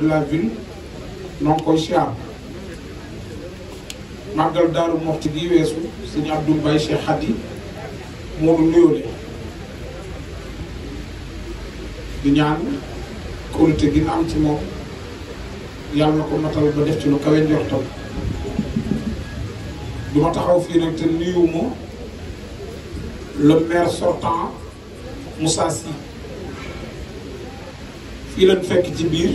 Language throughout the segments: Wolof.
de la ville noo koy siyaar màggal daaru moxti gi weesu sëñ Abdou Mbaye Cheikh Khady moo nu nuyoole ñaan kóolute gi na am ci moom yàlla ko matal ba def ci lu kawe njortam du ma taxaw fii nag te nuyuwuma le maire sortant Moussa Sy fii lañ fekk ci biir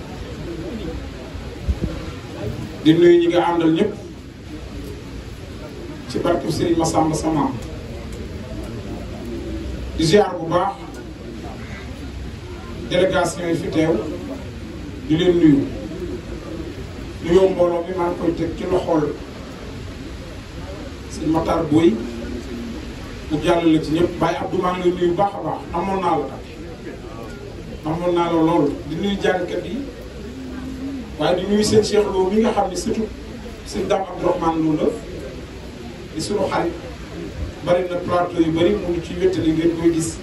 di nuyu ñi nga àndal ñëpp ci barke Serigne Massamba Sama di ziar bu baax délégation yi fi di leen nuyu nuyoo mbooloo bi maa ngi koy teg ci loxol Serigne Matar Boy bu jàll la ci ñëpp Baye Abdou maa ngi nuyu baax a amoon naa la amoon naa la loolu di nuyu jàngkat yi. waaye di nuyu seen Cheikh Lo nga xam ne surtout seen Dame Abdourahmane Lo la di sunu xarit bari plateau yu bari mu ci wéttali ngeen koy gis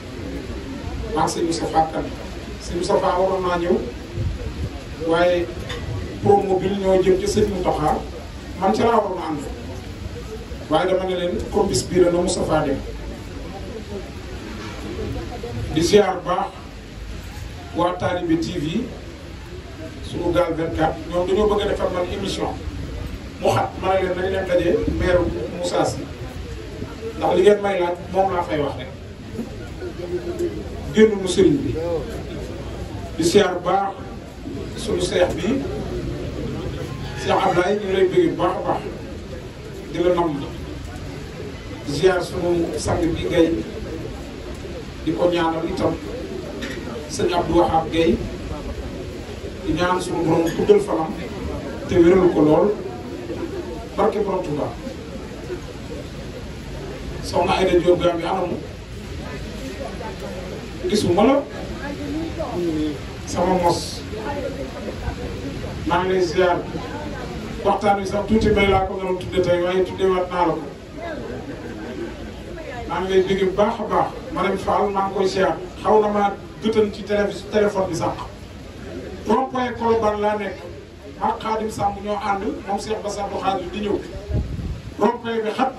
ak seen Moustapha Kane seen Moustapha waroon naa ñëw waaye promo bi ñoo jëm ci sëñ Mountakha man ca laa waroon a ànd waaye dama ne leen comme bis bii la na Moustapha dem di ziar baax waa Talibe TV suñu gaal 24 ñoom dañoo bëgg a defar man émission mu xat ma ne leen nañ leen dajee meeru Moussa ndax li ngeen may laaj moom laa fay wax rek génn mu sëriñ bi di siyaar su suñu seex bi seex Ablaye ñu lay bëgg baax a baax di la nam ziar sunu sang bi Guèye di ko ñaanal itam sëñ Abdou Wahab Guèye di ñaan suñu borom guddal fanam te wéral ko lool barke borom Touba soxna Aïda Diop gaa bi anamu gisuma la sama mos maa ngi lay ziar waxtaan wi sax tuuti bay ko doon tudde tey waaye tudde la ko maa ngi lay dégg bu baax a baax madame Fall maa ngi koy ziar xaw na maa gëtan ci téléphone bi sax rond point Colobane laa nekk ak Xaadim Samb ñoo ànd moom Cheikh Bass Abdou Khadre di ñëw rond point bi xat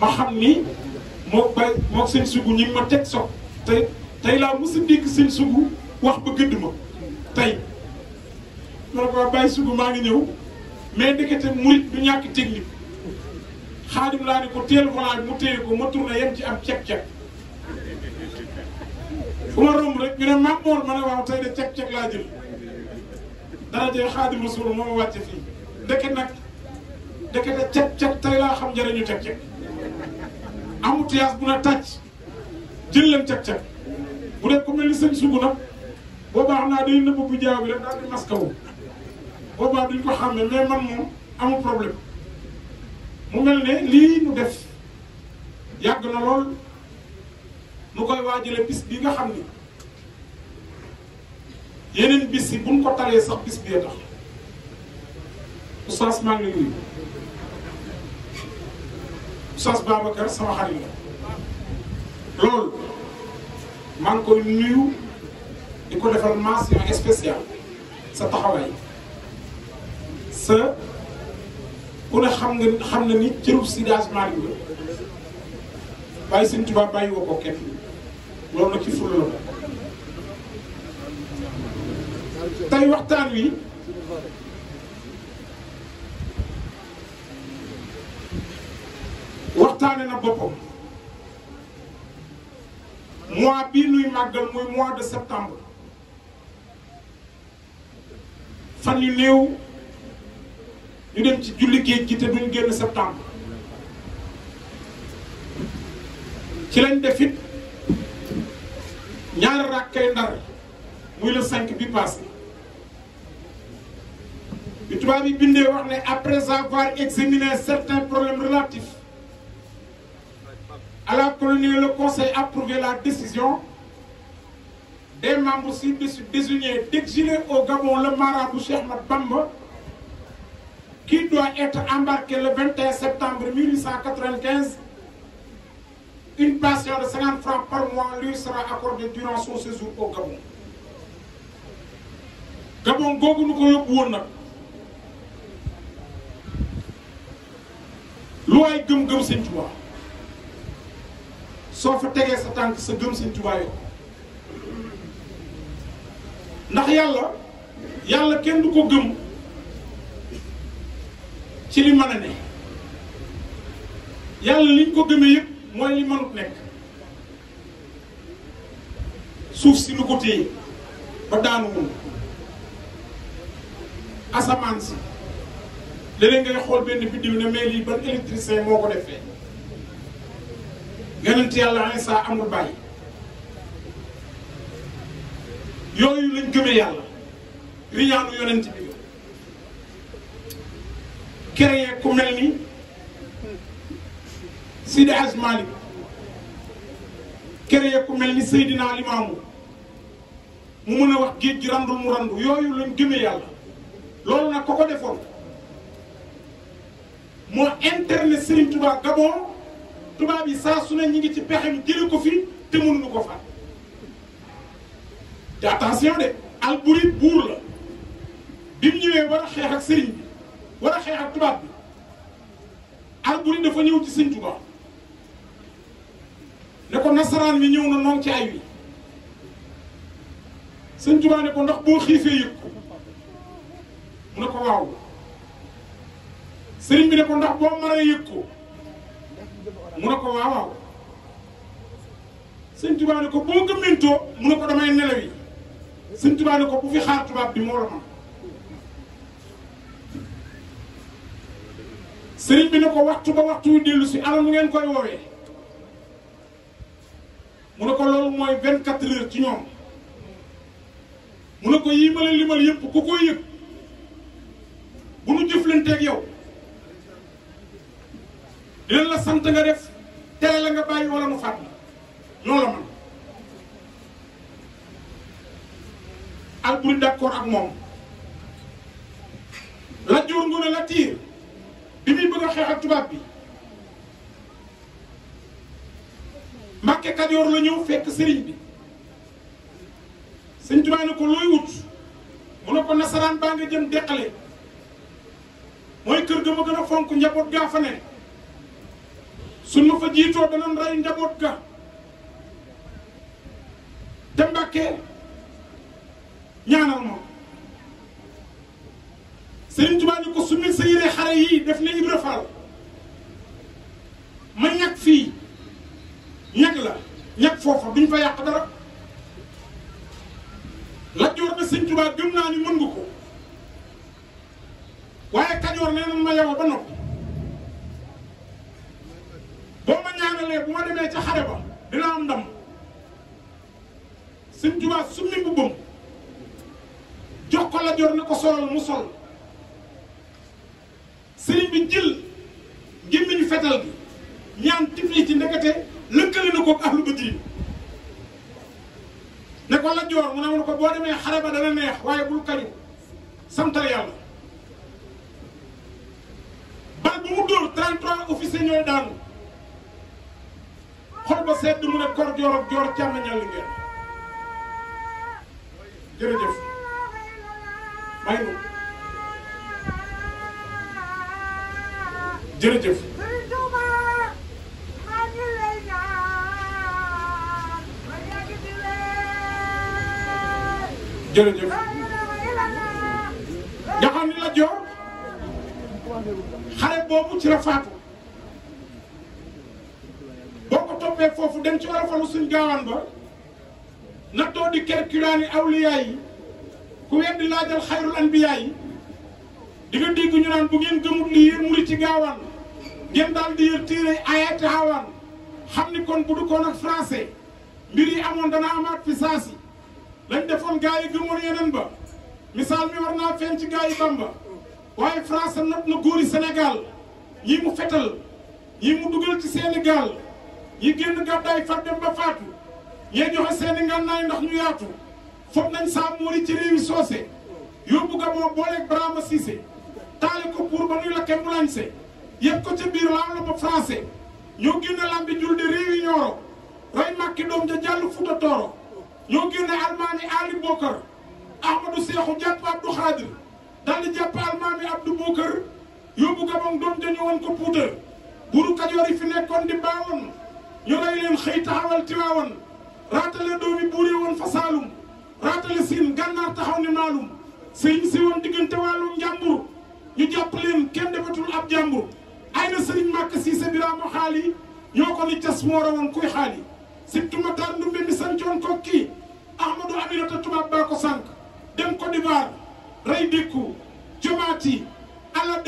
ma xam ni moo bay moo seen sugu ñi ma teg soog tey tey laa mos a dégg seen sugu wax ba gëdd ma tey ma ne ko bàyyi sugu maa ngi ñëw mais ndekete murit du ñàkk technique xaadim laa ne ko teel volant bi mu téye ko ma tourné yem ci am cek-cek bu ma romb rek ñu ne Mame Mor ma ne waaw tey de cek cek laa jël dara jee Xaadimu Rasuul moo a wàcce fii dëkk nag dëkk de cek tey laa xam njëriñu cek cek amul tiyaas bu na tàcc jël leen cek cek bu dee ku mel ni sëñ sugu nag boobaa naa day nëbb bu jaaw bi rek daal di maskawu boobaa duñ ko xàmme mais man moom amul problème mu mel ne lii mu def yàgg na lool nu koy waajale bis bi nga xam ni yeneen bis yi buñ ko talee sax bis bi tax oustaz maa ngi lay nuyu oustaz Babacar sama xarit la loolu maa ngi koy nuyu di ko defal mention spéciale sa taxawaay sa ku ne xam nga xam na ni cërub si daas Malick la waaye Sëñ Tuubaa bàyyi woo kenn loolu ci la wi waxtaane na boppam mois nuy mois de septembre fan yu ñu dem ci julli géej te duñ septembre ci lañ def ñaari rakkay ndar muy le 5 bi passé bi après avoir examiné certains problèmes relatifs à la colonie le conseil a approuvé la décision des membres aussi désignés d'exiler au Gabon le marabout Cheikh Ahmad qui doit être embarqué le 21 septembre 1895 une pension de 50 francs par mois lui sera accordée durant son séjour au Gabon Gabon googu nu ko yóbbu woon nag gum waay gëm Sauf seen Tuubaa soo fa tegee sa tànk sa gëm seen Tuubaa yo ndax yàlla yàlla kenn du ko gëm ci li mën a ne yàlla liñ ko gëmee yëpp mooy li mënut nekk suuf si lu ko téye ba daanuwul asamaan si léeg-léeg ngay xool benn biddiw ne mais lii ban électricien moo ko defee yonent yàlla Iisaa amul bàyyi yooyu lañ gëmee yàlla riñaanu yonent bi créé ku mel ni Sidi Hadj Malick créé ku mel ni Seydina Limaamu mu mën a wax géej gi randu mu randu yooyu lañ gëmee yàlla loolu nag ko ko defoon moo internet Serigne Touba Gabon tubaab yi saa su ne ñu ngi ci pexem jële ko fi te mënuñu ko faat te attention de Albury buur la bi mu ñëwee war a xeex ak Serigne bi war a xeex ak tubaab bi Albury dafa ñëw ci Serigne Touba. nasaraan mi ñëw na noonu ci ay wi sëñ Tuubaa ne ko ndax boo xiifee yëg ko mu ne ko waaw sëriñ bi ne ko ndax boo maree yëg ko mu ne ko waaw waaw ko boo gëmmintoo mu ko damay nelaw yi sëñ Tuubaa ko bu fi xaar tubaab bi moo la man sëriñ bi ne ko waxtu ba waxtu yu dellu si alal mu ngeen koy woowee mu ne ko loolu mooy vingt quatre ci ñoom mu ne ko yii ma la limal yëpp ku koy yëg bu nu jëflanteeg yow dinañ la sant nga def tere la nga bàyyi wala nu fàtt loolu la man Alboury d'accord ak moom Lat Joor Ngoone Latiir bi muy bëgg a xeex ak tubaab bi Mbàkke Kajoor la ñëw fekk sëriñ bi sëñ Tuubaa ne ko looy wut mu ne ko nasaraan baa nga jëm deqale mooy kër ga ma gën a fonk njaboot gaa fa ne suñ ma fa jiitoo danañ rey njaboot ga te Mbàkke ñaanal ma sëriñ Tuubaa ne ko sumil sa yére xare yii def ne Ibra Faal ma ñàkk fii foofa duñ fa yàq dara Lat Joor ne Sëñ Tuubaa gëm naa ni mën nga ko waaye Kajoor nee nañ ma yow ba noppi boo ma ñaanalee bu ma demee ca xare ba dina am ndam Sëñ Tuubaa summi mbubbam jox ko Lat Joor ne ko solal mu sol sëriñ bi jël gémmiñu fetal bi ñaan tifli ci ndekete lëkkale na ko ahlu badri ne ko la joor mu ne ma ko boo demee xare ba dana neex waaye bul kañu santal bal bu mu dóor 33 officiers ñooy daanu xol ba sedd mu ne kor joor ak joor càmm ñàll ngeen jërëjëf may nu jërëjëf jërëjëf nga xam ni Lat Joor xare boobu ci la boo ko toppee foofu dem ci warafalu suñ gaawaan ba nattoo di kerkulaani awliyaa yi ku weddi laajal xayrul anbiyaa yi di nga dégg ñu naan bu ngeen gëmut li yéen muri ci gaawaan ngeen daal di yër téere ayaati hawaan xam ni kon bu du koon ak français mbir yi amoon dana amaat fi lañ defoon gars yi gëmoon yeneen ba misaal mi war naa feeñ ci gars yi Bamba waaye France nat na góori Sénégal ñii mu fetal ñii mu dugal ci seeni gaal ñi génn gàddaay fat dem ba faatu ñee joxe seeni ngànnaay ndax ñu yaatu foog nañ saamoori ci réewi soose yóbbu Gabon booleeg Barama Cissé taali ko pour ba nuy lakke mbulañse yëpp ko ca biir laaw la ba français ñoo génn lambi jul di réewi ñooro rey màkki doom ja jàll Fuuta Tooro ñoo génne almaami Ali Bokar Ahmadou Seexu jàpp Abdou Khadir daal di jàpp almaami Abdou Bokar yóbbu Gabon doom dañu woon ko Puuta buru Kajoor yi fi nekkoon di baawoon ñu rey leen xëy taxawal Tiwaawan raatale doomi buuree woon fa Saalum raatale Siin gànnaar taxaw ni maalum sëriñ si woon diggante wàllum njàmbur ñu jàpp leen kenn defatul ab jàmbur ay na sëriñ màkk siise biraamo xaali ñoo ko ni cas moo kuy xaali sibtu ma tar ndumbe mi sancoon sànq dem Côte d'Ivoire rey dékku jomaati ala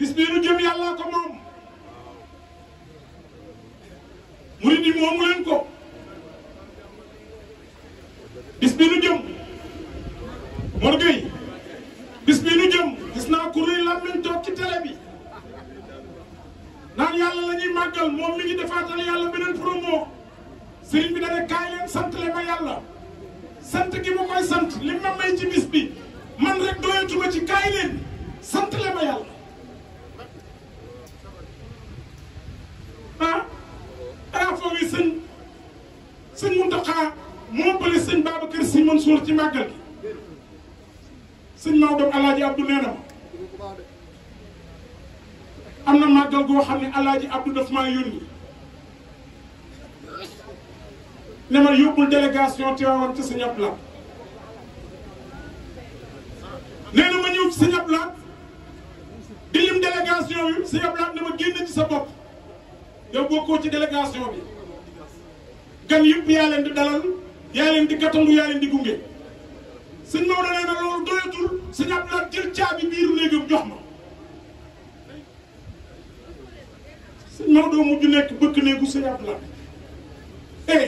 bis bii nu jëm yàllaa ko moom murid yi moomu leen ko maa yónni ne ma yóbbul délégation Tivaouane ci Sëñ Abdu Lahat nee na ma ñëw ci Sëñ Abdu Lahat di lim délégation yu Sëñ Abdu Lahat ne ma génn ci sa bopp yow bokkoo ci délégation bi gan yëpp yaa leen di dalal yaa leen di gàttandu yaa leen di gunge sëñ Maodo nee na loolu doyatul Sëñ Abdu Lahat jël caabi biiru néegam jox ma man doo mujj nekk bëkk néegu sëñ Abdoulaye eh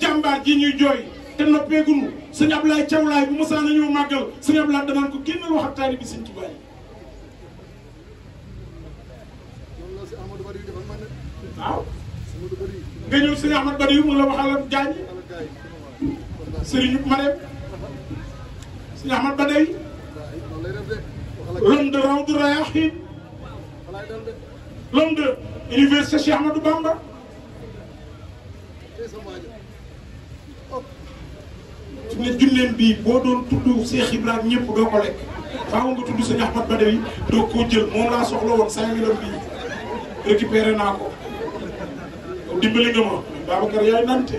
jàmbaar ji ñuy jooy te noppeegunu sëñ Abdoulaye cawlaay bu mosaan a ñëw màggal sëñ Abdoulaye danaan ko génnal wax ak taalibi sëñ Tuubaa yi waaw nga ñëw sëñ Ahmad Badiou mu la waxal gaañ sëriñu Marème sëñ Ahmad Badiou l'homme de Rawdu Rayaahiin l'homme de université Cheikh Ahmadou Bamba su ne julleen bii boo doon tudd Cheikh Ibrahima ñëpp doo ko lekk faaw nga tudd sëñ Ahmad Badawi doo jël moom laa soxla woon cinq millions bii récupéré naa ko dimbali nga ma Babacar yaay nante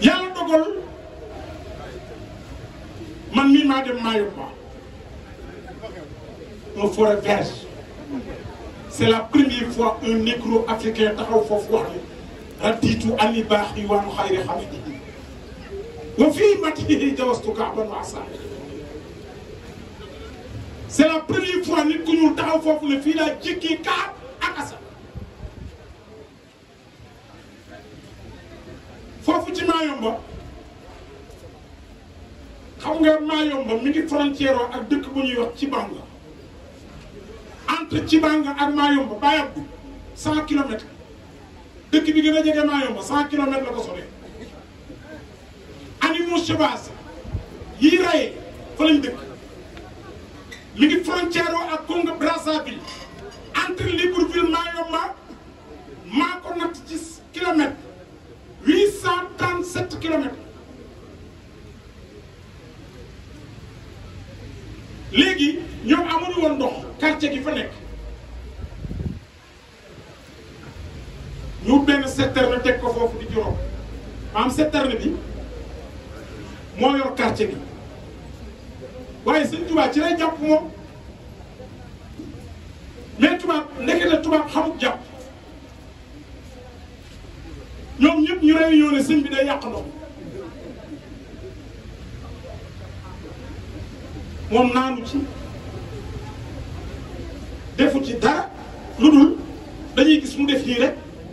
yàlla dogal man mii maa dem Mayumba un forêt vierge c'est la première fois un nègre africain taxaw foofu wax ne raditu ani baax yi waanu xayri xamidi wa fii matihi jawastu c'est la première fois nit ku ñuul taxaw foofu ne fii laa jékkee kaab ak asa foofu ci Mayomba xam Mayomba mi ngi frontière ak dëkk bu ñuy ci Banga rëcc baa nga ak Mayumba bàyyi ko cent kilomètres bi gën a jege Mayumba cent kilomètres la ko soree animaux sauvages yi rayé o ak Congo Brazzaville entre Libreville Mayumba maa ko natt léegi ñoom amuñu woon ndox quartier gi fa nekk ñu benn secteur teg ko foofu di juróom maam secteur bi moo yor quartier bi waaye sëñ tubaab ci lay jàpp moom mais tubaab ndeke la tubaab xamut jàpp ñoom ñëpp ñu réunion ne sëñ bi day yàq ndox moom naanu ci defu ci dara lu dul dañuy gis mu def nii rek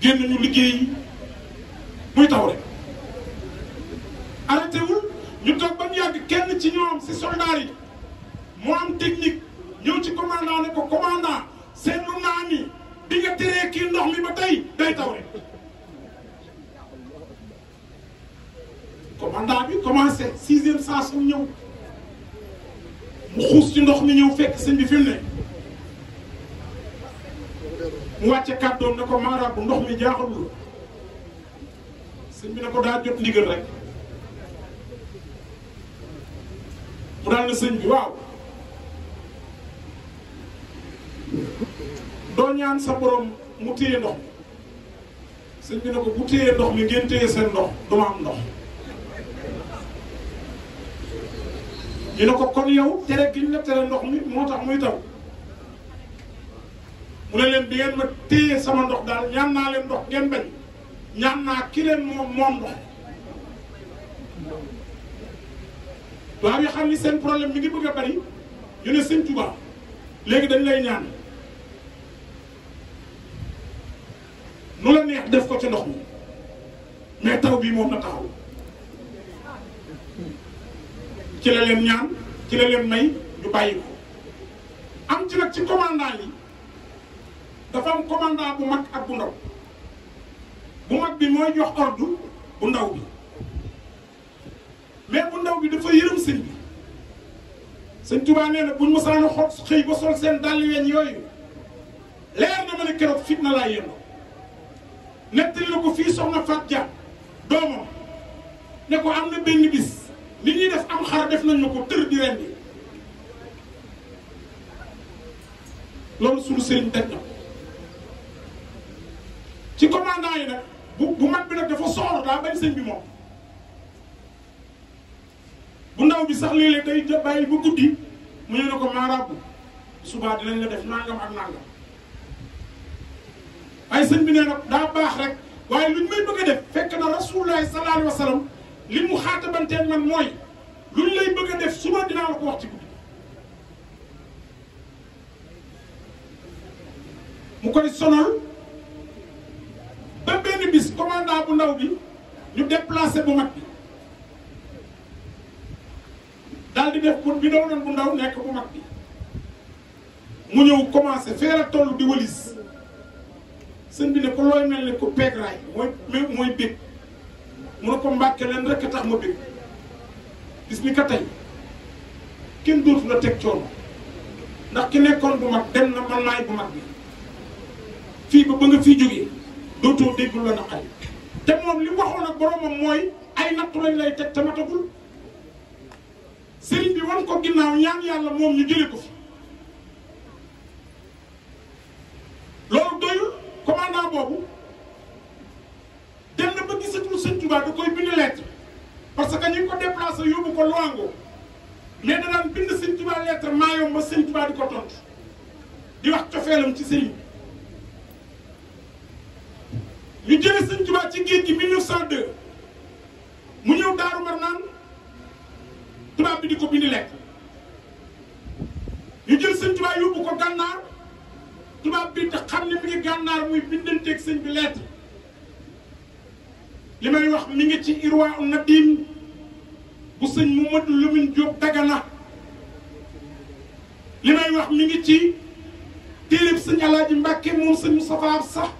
génn ñu liggéey muy taw rek arrêté wul ñu toog ba mu kenn ci ñoom yi am technique nous ci commandant ne ko commandant seen lu naa nga ndox commandant bi commencé sixième saa Nous mu ci ndox mi ñëw fekk mu wàcce kàddoom ne ko maaraabu ndox mi jaaxalul sëñ bi ne ko daa jot ndigal rek mu daal ne sëñ bi waaw doo ñaan sa mu téye ndox mi ne ko bu téye ndox mi ngeen téye seen ndox duma am ndox ñu ne ko kon yow tere gi ñu tere ndox mi moo tax muy taw mu ne leen di ngeen ma téye sama ndox daal ñaan naa leen ndox ngeen bañ ñaan naa ki leen moom moom ndox waaw yi xam ni seen problème mi ngi bëgg a bari ñu ne sëñ Tuubaa léegi dañ lay ñaan nu la neex def ko ci ndox mi mais taw bii moom na taxaw ci la leen ñaan ci la leen may ñu bàyyi ko am ci nag ci commandant yi dafa am commandant bu mag ak bu ndaw bu mag bi mooy jox ordre bu ndaw bi mais bu ndaw bi dafa yërëm sëñ bi sëñ Tuubaa nee na buñ mosaana xot xëy ba sol seen dàll weñ yooyu leer na ma ne keroog fitna laa yëngu nettali na ko fii soxna Fatou Dia doomam ne ko am na benn bis li ñuy def am xar def nañ na ko tër di rendi loolu sunu sëriñ teg na ci commandant yi nag bu bu mag bi nag dafa soxor daa bañ sëñ bi moom bu ndaw bi sax léeg-léeg day ja bàyyi guddi mu ñu ne ko maaraabu subaa dinañ la def nangam ak nangam waaye sëñ bi nee na daa baax rek waaye luñ may bëgg a def fekk na rasulullahi salaa alayhi wa li mu xaatabanteeg man mooy luñ lay bëgg a def suba dinaa la ko wax ci guddi. mu koy sonal. commandant bu ndaw bi ñu déplacé bu mag bi daal di def pour bi doonoon bu ndaw nekk bu mag bi mu ñëw commencé feera toll di wëlis sëñ bi ne ko looy mel ne ko peegraay mooy mooy bég mu ne ko mbàkke leen rek a tax bég bis ni ka tey kenn dootu na teg coono ndax ki nekkoon bu mag dem na man maay bu mag bi fii ba ba nga fii jógee dootoo dégg la naqari te moom li waxoon ak boromam mooy ay nattu lañ lay teg te matagul sëriñ bi wan ko ginnaaw ñaan yàlla moom ñu jëlee ko fi loolu doyul commandant boobu dem na ba gisatul sëñ Tuubaa da koy bind lettre parce que ñu ngi ko déplacé yóbbu ko Loango mais da daan bind sëñ Tuubaa lettre maa yomb di ko tontu di wax cofeelam ci sëriñ ñu jëlee sëñ Tuubaa ci géej gi 1902 mu ñëw Daaru Marnaan tubaab bi di ko bindi lekk ñu jël sëñ Tuubaa yóbbu ko gànnaar tubaab bi te xam ne mi ngi gànnaar muy bindanteeg sëñ bi lettre li may wax mi ngi ci Irwa Nadim bu sëñ Mamadou Lamine Diop Dagana li may wax mi ngi ci téeléb sëñ Alaaji Mbàkke moom sëñ Moustapha sax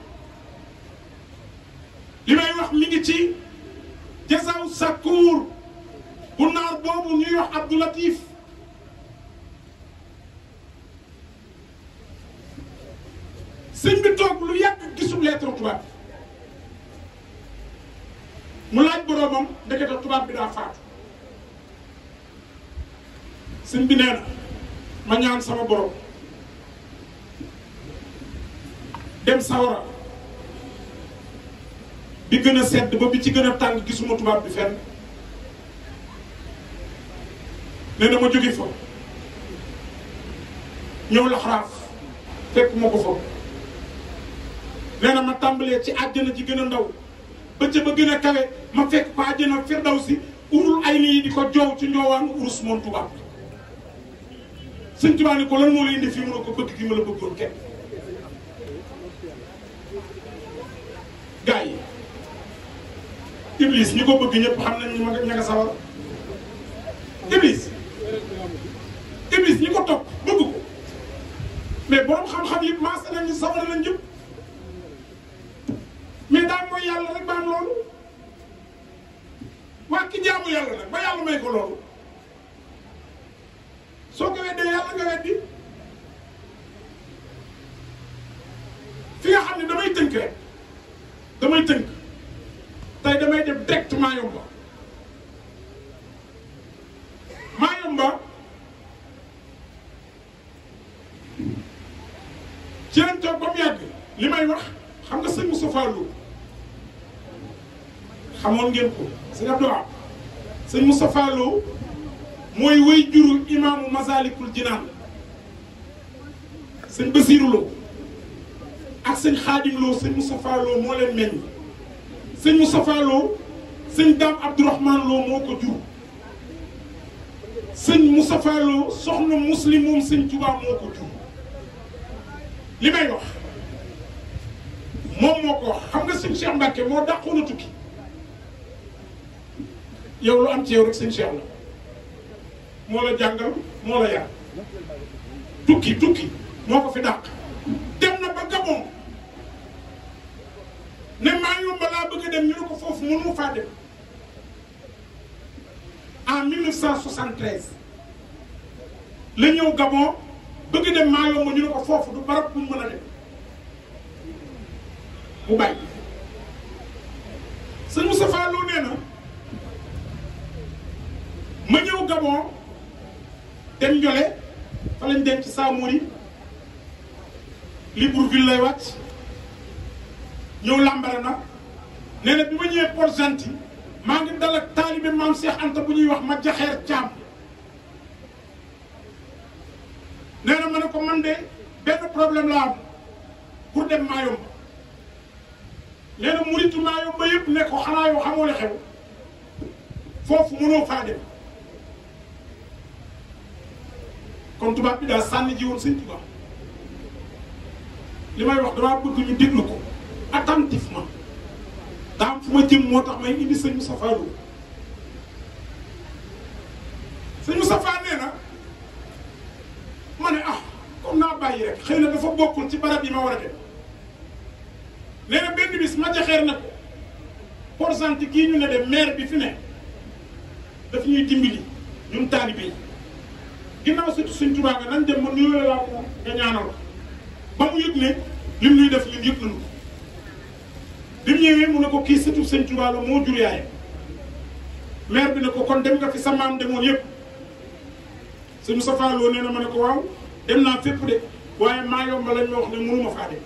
li may wax mi ngi ci jasaw sakuur bu naar boobu ñuy wax Abdou Latif sëñ bi toog lu yàgg gisul lettre tubaab mu laaj boroomam ndekete tubaab bi daa faatu sëñ bi nee ma ñaan sama boroom dem sawara bi gën a sedd ba bi ci gën a tàng gisuma tubaab bi fenn nee ma jóge fa ñëw laxraaf fekk ma ko fa nee na ma tàmbalee ci àjjana ci gën a ndaw ba ca ba gën a kawe ma fekk fa àjjana firdawsi urul ay nii di ko joow ci njoowaanu urus moom tubaab bi sëñ tubaab ni ko lan moo la indi fii mu ne ko bëgg gi ma la bëggoon kenn gars Iblis ñi ko bëgg ñëpp xam nañ ñu ña nga sawar Iblis Iblis ñi ko topp bëgg ko mais borom xam-xam yi maase nañu sawar nañ jëm mais daal mooy yàlla rek ba am loolu waa ki jaamu yàlla nag ba yàlla may ko loolu soo ko weddee yàlla fi nga xam ne damay tënk rek damay tënk. tey damay dem direct Mayumba Mayumba ci lañ toog ba mu yàgg li may wax xam nga sëñ Moustapha Lo xamoon ngeen ko sëñ Abdou Wahab sëñ Moustapha Lo mooy way juru imaamu Masalikul Jinaan sëñ Basirou Lo ak sëñ Xaadim Lo sëñ moo leen meññ C'est Moustapha Lo sëñ Dame Abdourahmane Lo moo l'eau, jur Moustapha Lo soxna muslim moom sëñ Touba c'est ko jur li may wax moom moko, ko un xam nga sëñ Cheikh Mbacke moo dàqoon a tukki chien lu am ci yow rek Cheikh la la la tukki tukki ne maa yomb laa bëgg dem ñu ne ko foofu mënu faa dem en 1973 la ñëw Gabon bëgg dem maa yomb ñu ne ko foofu du barab bu mën a dem bu bàyyi. sëñ Moustapha Lo nee na ma ñëw Gabon dem Ndiolé fa lañ denc Samori Libreville lay wàcc. ñëw lambare na nee bi ma ñëwee Port Gentil maa ngi dal ak taalibe maam Cheikh Anta bu ñuy wax ma jaxeer caam nee ma ne ko man de benn problème laa am pour dem Mayumba nee na muritu Mayumba yëpp ne ko xanaa xamoo la xew foofu mënoo faa dem kon tubaab bi daal sànni ji woon sëñ tubaab li may wax damaa bëgg ñu déglu ko attentivement daa am fu ma jëm moo tax may indi sëñ Moustapha Lo sëñ Moustapha nee ah comme naa bàyyi rek xëy na dafa bokkul ci barab yi ma war a dem nee na benn bis ma na ko pourcent kii ñu ne de maire bi fi ne daf ñuy dimbali ñun taalibe yi ginnaaw surtout suñ tubaab nga nañ dem ma nuyoo laa ko nga ñaanal ko ba mu yëg ne lim ñuy def ñun yëg nañu ko bi mu mu ne ko kii sëtu sëñ Tuubaa moo jur yaayam maire bi ne ko kon dem nga fi sa maam demoon yëpp sëñ Moustapha nee na ma ne ko waaw dem naa fépp de waaye maa yomba lañ ma wax ne mënuma faa dem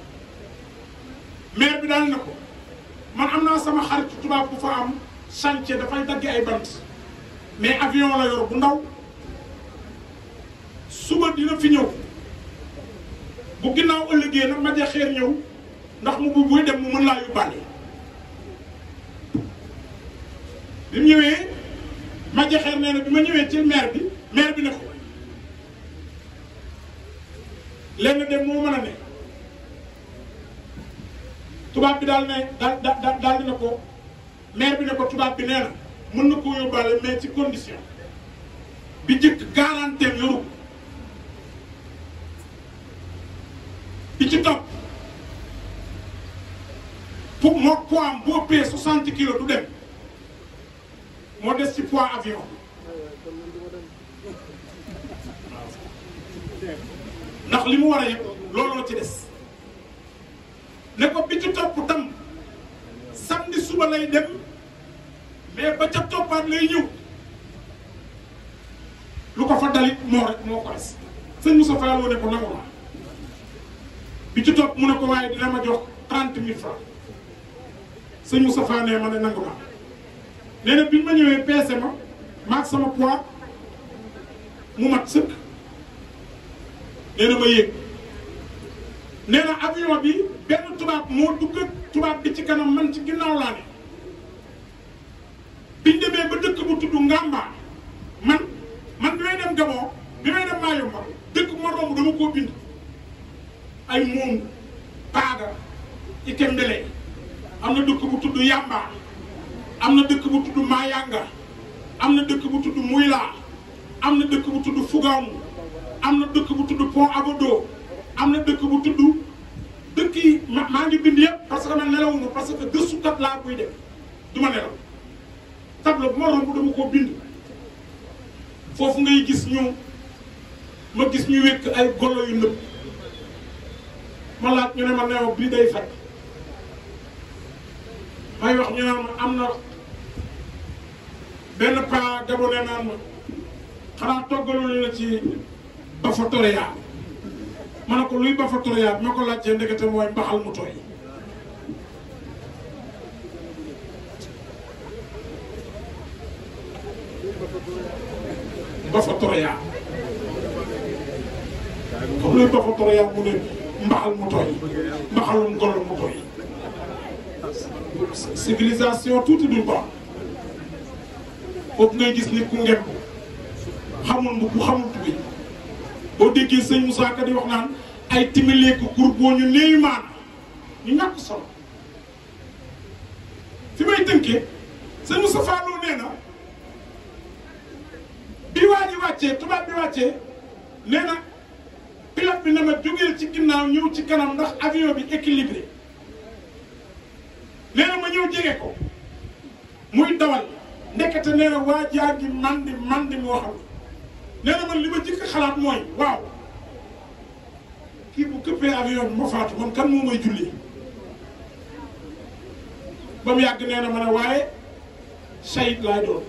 maire bi daal na ko man am naa sama xaritu tubaab bu fa am chantier dafay dagg ay bant mais avion la yor bu ndaw suba dina fi ñëw bu ginnaaw ëllëgee nag ma ja xeer ñëw ndax mu bu dem mu mën laa yóbbaale bi mu ñëwee ma jaxeer nee na bi ma ñëwee ci maire bi maire bi ne ko lenn dem moo mën a ne tubaab bi daal ne daal daal daal di ne ko maire bi ne ko tubaab bi nee na mën na koo yóbbaale mais ci condition bi jëkk garanteem yoru bi ci topp pour moo poids am boo pee 60 kilos du dem moo des ci poids avion ndax li mu war a yëpp looloo ci des ne ko bi ci topp tam samedi suba lay dem mais ba ca toppaat lay ñëw lu ko fa dalit moo rek moo ko des sëñ Moussa Fall ne ko nangu naa bi ci topp mu ne ko waaye dina ma jox 30 000 francs sëñ Moustapha nee ma ne nangu naa nee bi ma ñëwee peese ma maag sama poids mu mat sëkk nee na ma yéeg nee na avion bi benn tubaab moo dugg tubaab bi ci kanam man ci ginnaaw laa ne biñ demee ba dëkk bu tudd Ngamba man man bi may dem Gabon bi may dem Mayumba dëkk bu ma romb dama koo bind ay moom paaga i tembele am na dëkk bu tudd Yamba am na dëkk bu tudd Mayanga am na dëkk bu tudd Muyla am na dëkk bu tudd Fugamu am na dëkk bu tudd Pont Abodo am na dëkk bu tudd dëkk yi maa ngi bind yëpp parce que man nelawuma parce que gëstukat laa koy def du ma nelaw tableau bu ma romb dama koo bind foofu ngay gis ñu ma gis ñu wékk ay golo yu nëb ma laaj ñu ne ma neew bii day fekk may wax ñu naan ma am na benn paa gabonais naan ma xanaa toggaluñu la ci bafatoria ma ne ko luy bafatoria bi ma ko laajtee ndekete mooy mbaxal mu tooy ne mbaxal mu tooy mbaxalum golo mu tooy civilisation tuuti duñ ko am foofu ngay gis nit ku ngem xamul mbu ku xamul tubi boo déggee sëñ Moussa Ka di wax naan ay timileeku groupe boo ñu néew maan ñu ñàkk sol fi may tënkee sëñ Moussa Fallou nee na bi waa ji wàccee tubaab bi wàccee nee na bi na ma jógee ci ginnaaw ñëw ci kanam ndax avion bi équilibré nee ma ñëw jege ko muy dawal ndekete nee na waa jaa mandi mandi mu waxal nee na man li ma jëkk xalaat mooy waaw kii bu këppee avion bi ma faatu man kan moo may julli ba mu yàgg nee ma ne waaye sayid laa doon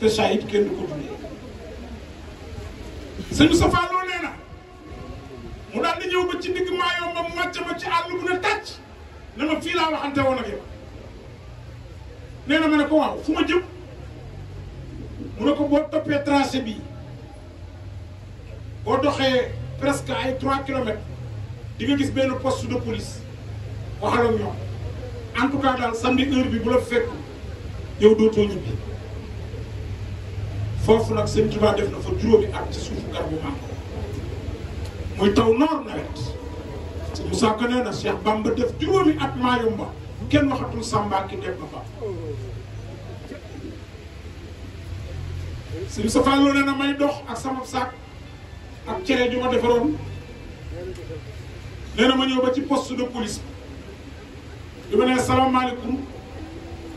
te sayid kenn du ko loo nee na mu daal di ñëw ba ci digg ma mu ma ci àll ne tàcc ne ma fii laa waxante woon ak yow na ma ne ko waaw fu ma jëm mu ne ko boo toppee tracé bi boo doxee presque ay 3 kilomètres di nga gis benn poste de police waxal ak ñoom en tout cas daal samedi heure bi bu la fekk yow dootoo ñibbi foofu nag Sëñ Tuubaa def na fa juróomi at ci suufu garab bu màngo muy taw noor nawet. Moussa Ka nee na Cheikh Bamba def juróomi at Mayumba kenn waxatul Samba ki dem ba fa. Sëñ Safa Lo nee na may dox ak sama saak ak cere ju ma defaroon nee na ma ñëw ba ci poste de police bi ma nee salaamaaleykum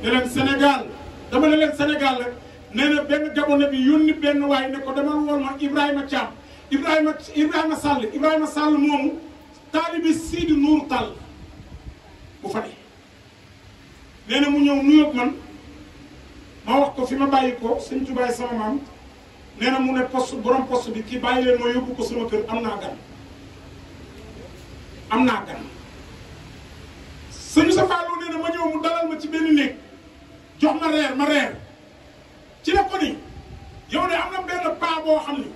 ne leen Sénégal dama ne leen senegal rek nee na benn gabone bi yónni benn waay ne ko demal woon ma a Thiam Ibrahima Ibrahima Sall Ibrahima sàll moomu. taalibe Sidi Nour Tall bu Fatick nee na mu ñëw nuyoog man ma wax ko fi ma bàyyi ko sëñ Tubaay sama maam nee na mu ne poste borom poste bi kii bàyyi leen ma yóbbu ko sama kër am naa gan am naa gan sëñ sa fàllu nee na ma ñëw mu dalal ma ci benn néeg jox ma reer ma reer ci la ko ni yow am na benn paa boo xam ni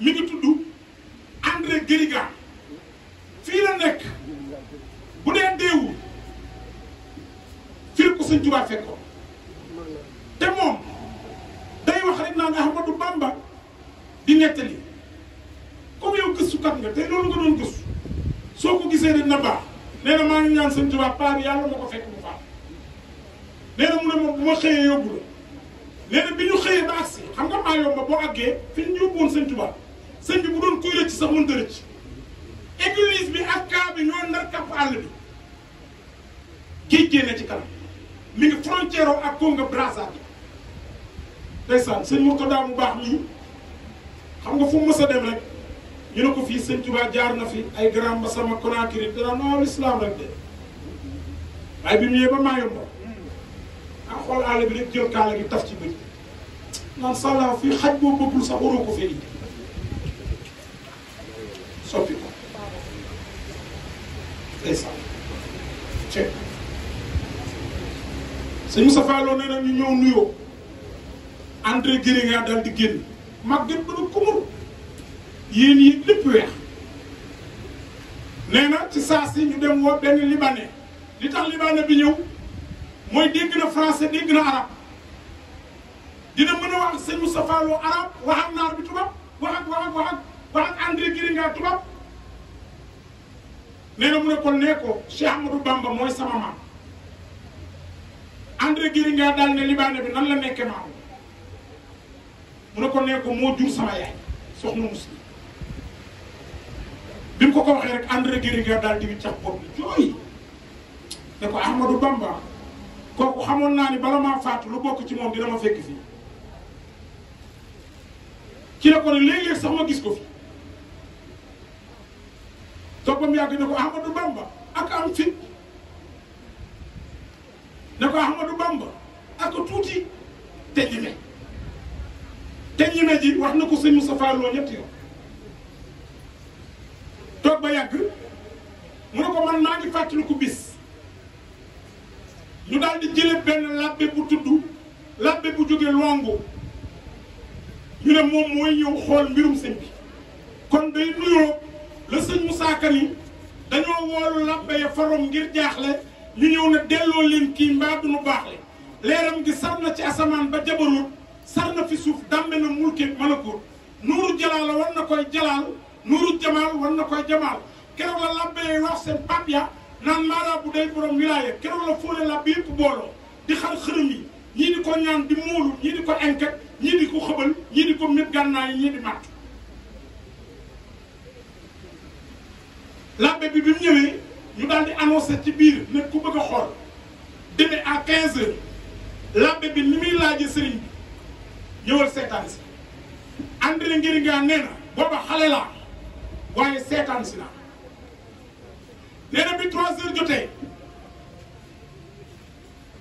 mi ngi tudd André Guériga sëñ Tuubaa fekk ko te moom day wax rek naan Ahmadou Bamba di nettali comme yow gëstukat nga te loolu nga doon gëstu soo ko gisee rek na baax nee na maa ngi ñaan sëñ Tuubaa paar yàlla ma ko fekk mu faat nee na mu ne moom bu ma xëyee yóbbu la nee na bi ñu xëyee ba agsi xam nga maa yomb boo àggee fi ñu yóbbu woon sëñ Tuubaa bi bu doon kuy rëcc sax mënta rëcc église bi ak kaa bi ñoo nar àll bi géej na ci kanam ليغي فرونتيرو اك كونغا برازافيل ديسان سي موكو دا مو باخ ني خم نغا فوم مسا ديم رك ني نكو في سي توبا جارنا في اي غرام با سما كوناكري ترا نو الاسلام رك دي باي بي ميي با ما sëñ Moustapha Lo nee na ñu ñëw nuyoo André Guéringa daal di génn mag gën ba kumur yéen yi lépp weex nee ci saa si ñu dem woo benn libanais li tax libanais bi ñëw mooy dégg na français dégg na arab dina mën a wax ak sëñ Moustapha Lo arab wax ak naar bi tubaab wax ak wax ak wax ak wax ak André Guéringa tubaab nee na mu ne kon nee ko Cheikh mooy sama maam André Guiringa daal ne libaane bi nan la nekkee maam mu ne ko nee moo jur sama yaay soxna muslim bi mu ko ko waxee rek André Guiringa daal di cax bopp bi jooy ne ko Ahmadou Bamba kooku xamoon naa ni bala maa faatu lu bokk ci moom dina ma fekk fii ci la ko ne léeg sax ma gis ko fi toppam yàgg ne ko Ahmadou Bamba ak am fit ne ko Ahmadou Bamba ak tuuti te ñeme te ñeme ji wax na ko sëñ Moustapha Lo ñetti yoon toog ba yàgg mu ne ko man maa ngi fàttaliku bis ñu daal di jële benn labbe bu tudd labbe bu jóge longo ñu ne moom mooy ñëw xool mbirum sëñ kon day nuyoo la sëñ Moussa Kane dañoo woolu labbe ya farom ngir jaaxle ñu ñëw ne delloo leen kii mbaa du nu baax le leeram gi sar na ci asamaan ba jabarut sar na fi suuf dàmbe na mulki malakut nuuru jalaala war na koy jalaal nuuru jamaal war na koy jamaal keroog la làbbee wax seen pap ya naan maara bu day borom wilaaya keroog la fóole làbb yëpp booloo di xar xërëm yi ñii di ko ñaan di móolu ñii di ko enket ñii di ko xëbal ñii di ko mét gànnaa yi ñii di màtt làbbe bi bi ñëwee ñu daal di annoncé ci biir ne ku bëgg a xool demee à 15 heures labbe bi ni muy laajee sëriñ bi ñëwal seetaan si André Ngiringa nee na booba xale laa waaye seetaan si naa nee na bi 3 heures jotee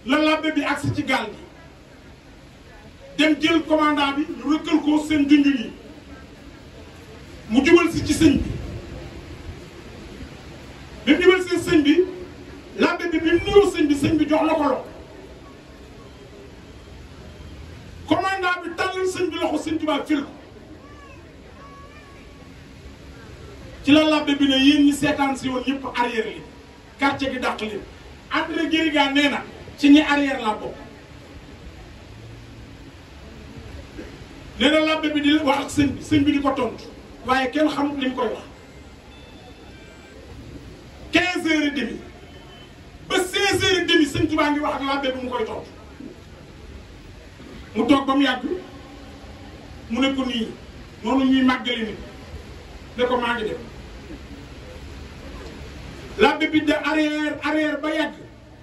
la labbe bi agsi ci gaal gi dem jël commandant bi ñu rëkkal ko seen junj yi mu jubal si ci sëñ bi. bi mu ñëwee si sëñ bi làmbe bi bi mu nuyoo bi sëñ bi jox la ko loxo commandant bi tàllal sëñ bi loxo sëñ Tuubaa fil ko ci la làmbe bi ne yéen ñi seetaan si woon ñëpp arrière li quartier gi dàq leen André Guériga nee na ci ñi arrière la bokk nee na làmbe bi di wax ak sëñ bi sëñ bi di ko tontu waaye kenn xamut li mu koy wax quinze heures et demi ba seize heures et demi sëñ ngi wax ak làbbe bu mu koy tontu mu toog ba mu yàgg mu ne ko nii noonu ñuy màggali ni ne ko maa ngi dem làbbe bi de arrière arrière ba yàgg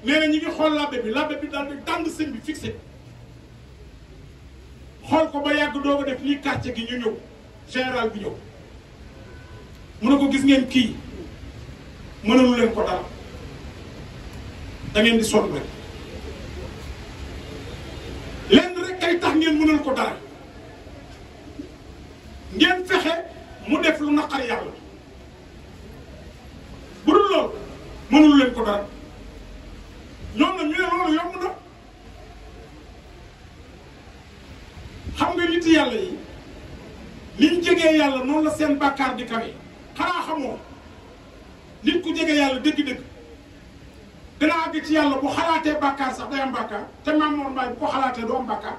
nee na ñu ngi xool làbbe bi làbbe bi daal di tànd sëñ bi fixé xool ko ba yàgg doo ko def ñuy quartier gi ñu ñëw général bi ñëw mu ne ko gis ngeen kii mënalu leen ko dara dangeen ngeen di sonn rek lenn rek kay tax ngeen mënul ko dara ngeen fexe mu def lu naqar yàlla bu dul loolu mënalu leen ko dara ñoom na ñu ne loolu yomb na xam nga nit yàlla yi liñ jegee yàlla noonu la seen bàkkaar di kawe xanaa xamoo nit ku jege yàlla dëgg-dëgg dana àgg ci yàlla bu xalaatee bàkkaar sax day am bàkkaar te Maam Mor Mbaye bu ko xalaatee du am bàkkaar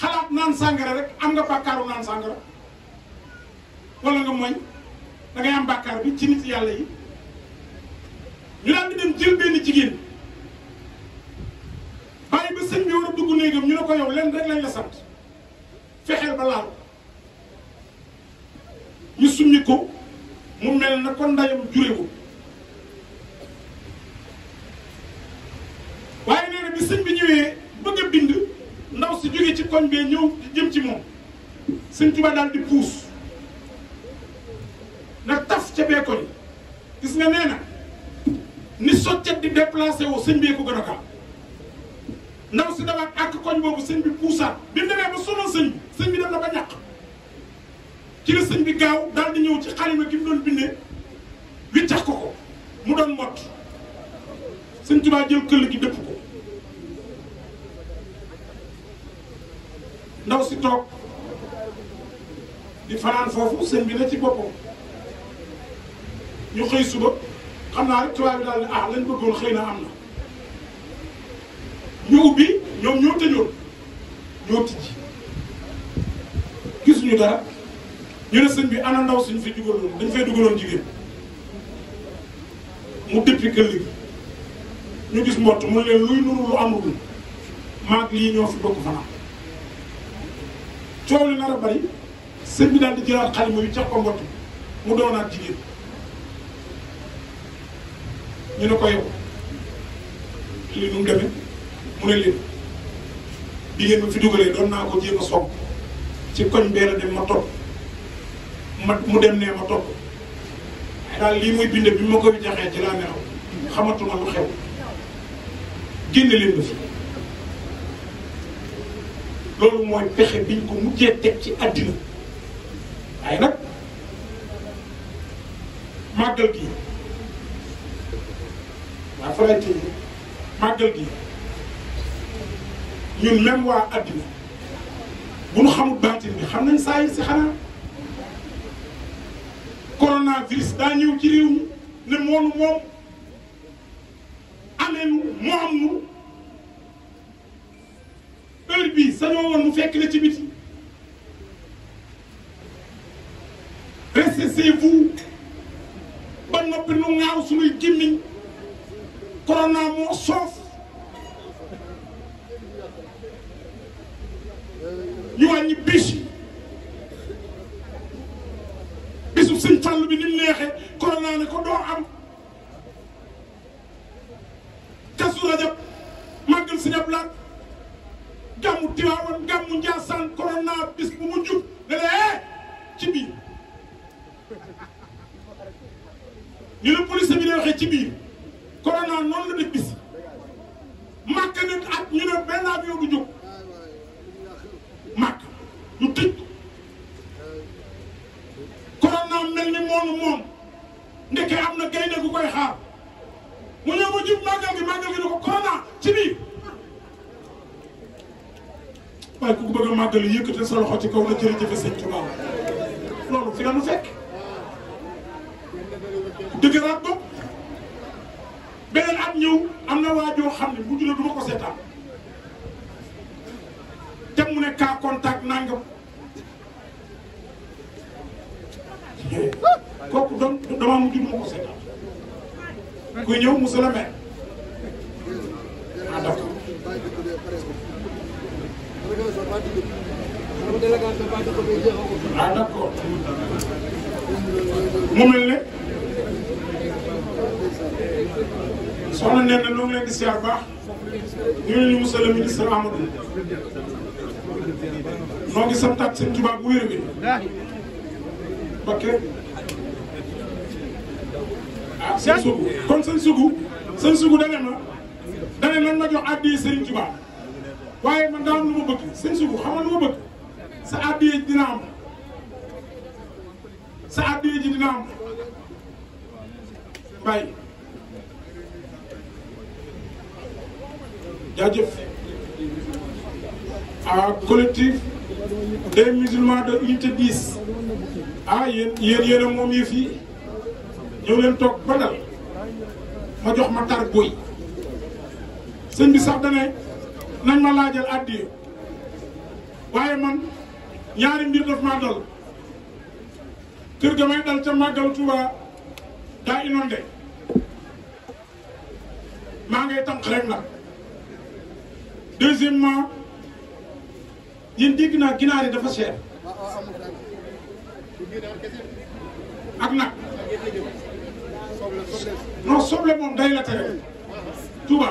xalaat naan sàngara rek am nga bàkkaaru naan sàngara wala nga mooñ da am bàkkaar bi ci nit yàlla yi ñu daan di dem jël benn jigéen bàyyi ba sëñ bi war a dugg néegam ñu ne ko yow leen rek lañ la sant fexeel ba laal ñu summi ko mu mel na kon ndayam jure ko waaye nee bi sëñ bi ñëwee bëgg a bind ndaw si jóge ci koñ bee ñëw jëm ci moom sëñ Tuba daal di puus na taf ca bee koñ gis nga nee na ni soccet di déplacé woo sëñ bee ko gën a kaw ndaw si damaat ak koñ boobu sëñ bi puusaat bi mu demee ba sonal sëñ bi sëñ bi dem na ba ñàkk ci la sëñ bi gaaw daal di ñëw ci xalima gi mu doon bindee wiccax ko ko mu doon mott sëñ Tuubaa jël këll gi dëpp ko ndaw si toog di fanaan foofu sëñ bi ne ci boppam ñu xëy suba xam naa rek tubaab bi daal ne ah lañ bëggoon xëy na am na ñu ubbi ñoom ñoo tëjoon ñoo tijji gisuñu dara ñu ne sëñ bi ana ndaw suñ fi dugaloon dañ fay dugaloon jigéen mu dëppi këll gi ñu gis mbott mu leen luy nuru lu amul maag lii ñoo fi bokk fanaan coow li nar a bari sëñ bi daal di yu cax ko mbott mu doonaat jigéen ñu ne ko yow lii nu mu mu ne leen bi ngeen ma fi dugalee doon naa ko jéem a ci koñ bee la dem ma mu dem ne ma topp daal lii muy binde bi ma koy jaxee ci laa neraw xamatuma lu xew génn leen ba fi loolu mooy pexe biñ ko mujjee teg ci àddina waaye nag màggal gi waa faral di màggal gi ñun même waa àddina bu nu xamul baatin bi xam nañ saa yi si xanaa. coronavirus daa ñëw ci réew mi ne moonu moom amee nu moo am nu heure bii sañoo woon mu fekk na ci biti restez chez vous ba noppi nu ŋaaw suñuy gémmiñ corona moo soof ñu wàññi sëñ Fall bi ni mu neexee corona ne ko doo am kasu rajab màggal sëñ Abdu Lahat gàmmu Tiwaawan gàmmu Njaasaan corona bis bu mu jub ne la eh, ci biir ñu ne police bi ne ci biir màggal yëkkate sa loxo ci kaw na jërëjëfe sëñ Tuba fi la nu fekk dëggëraat ko beneen at ñëw am na waajoo xam ne bu jula duma ko seetaan te mu ne cas contact nangam ko seetaan kuy ñëw monsieur ah d'accord mu mel ne soxna nee na ñoo ngi leen di siyaar baax ñu ngi ministre Amadou noo ngi santaat seen tubaab bu wér bi ah, kon seen sugu seen sugu da ne addi Serigne waaye man daam lu ma bëgg sëñ sugu xamal lu ma bëgg sa addiye ji dina am sa addiye ji dina am jaajëf ah collectif des musulmans de unité ah yéen yéen yéen a moom yi fii ñëw leen toog ba ma jox ma tar boy sëñ bi sax dane nañ ma laajal addiya waaye man ñaari mbir daf maa dal kër ga may dal ca màggal Tuuba daa inondé maa ngay tànq rek nag deuxièmement yéen dégg naa ginaar yi dafa cher ak nag non soble moom day la tere Tuuba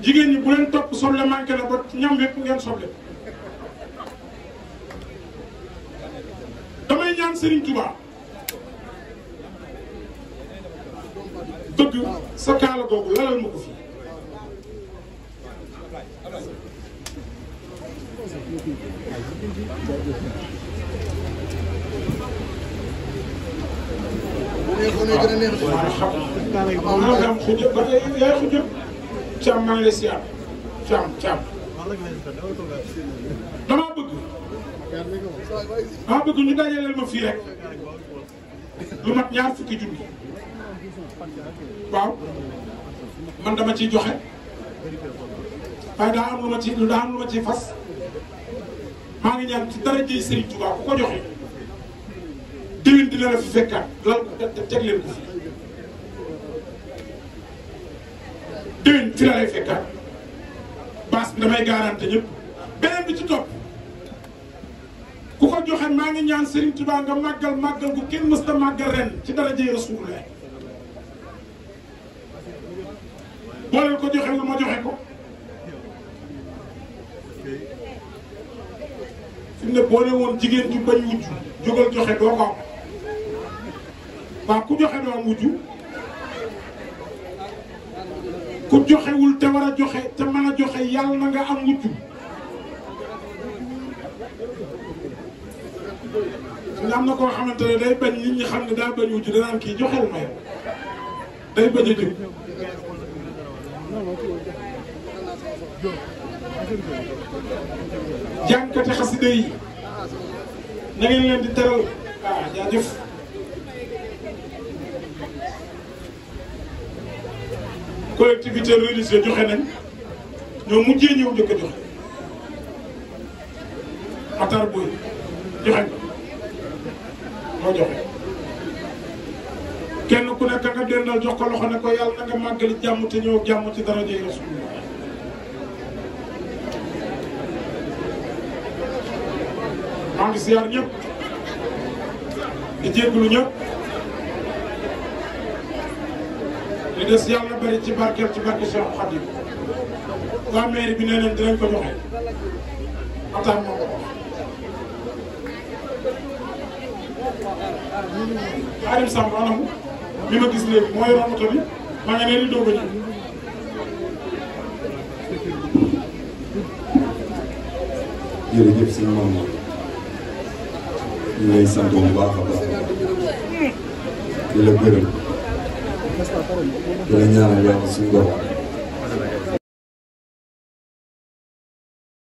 jigéen ñi bu leen topp soble manqué la ba ñam Je ngeen soble damay ñaan dëgg sa kaala googu lalal càmm maa ngi lay siyaar càmm càmm damaa bëgg damaa bëgg ñu dajaleel ma fii rek lu mat ñaar fukki junni waaw man dama ciy joxe waaye daa am lu ma ci daa am lu ma fas maa ngi ñaan ci dara jëy Serigne Touba ku ko joxe déwén dina la fi fekkaat lal ko teg leen ko déwén fi la lay baas bi damay garanté ñëpp beneen bi ci topp ku ko joxe maa ngi ñaan Serigne Touba nga màggal màggal gu kenn mësta màggal ren ci dara jëy Rasulullah boo leen ko joxewul ma joxe ko fi mu woon jigéen ju bañ wujju jógal joxe doo ko ku joxe doo am ku joxewul te war a joxe te mën a joxe yàlla na nga am mucc nga am na koo xamante ne day bañ nit ñi xam ne daa bañ wuti danaan kii joxel ma day bañ a jëm jànkati xasida yi na ngeen leen di teral ah jaajëf collectivité religieuse joxe nañ ñoo mujjee ñëw njëkk a joxe atar boy joxe nga moo joxe kenn ku nekk nga dendal jox ko loxo ne ko yàlla na nga màggali jàmm te ñëw jàmm ci dara jëy rasulullah maa ngi siyaar ñépp di jégalu ñëpp des yàlla bëri ci barkeel ci barke Cheikh Khadim waa mairie bi nee nañ dinañ ko joxe waxtaan moo ko Xaadim Samb bi ma gis léegi mooy yoroon bi maa ngi ne di doog a ñëw jërëjëf sant baax a baax di la di la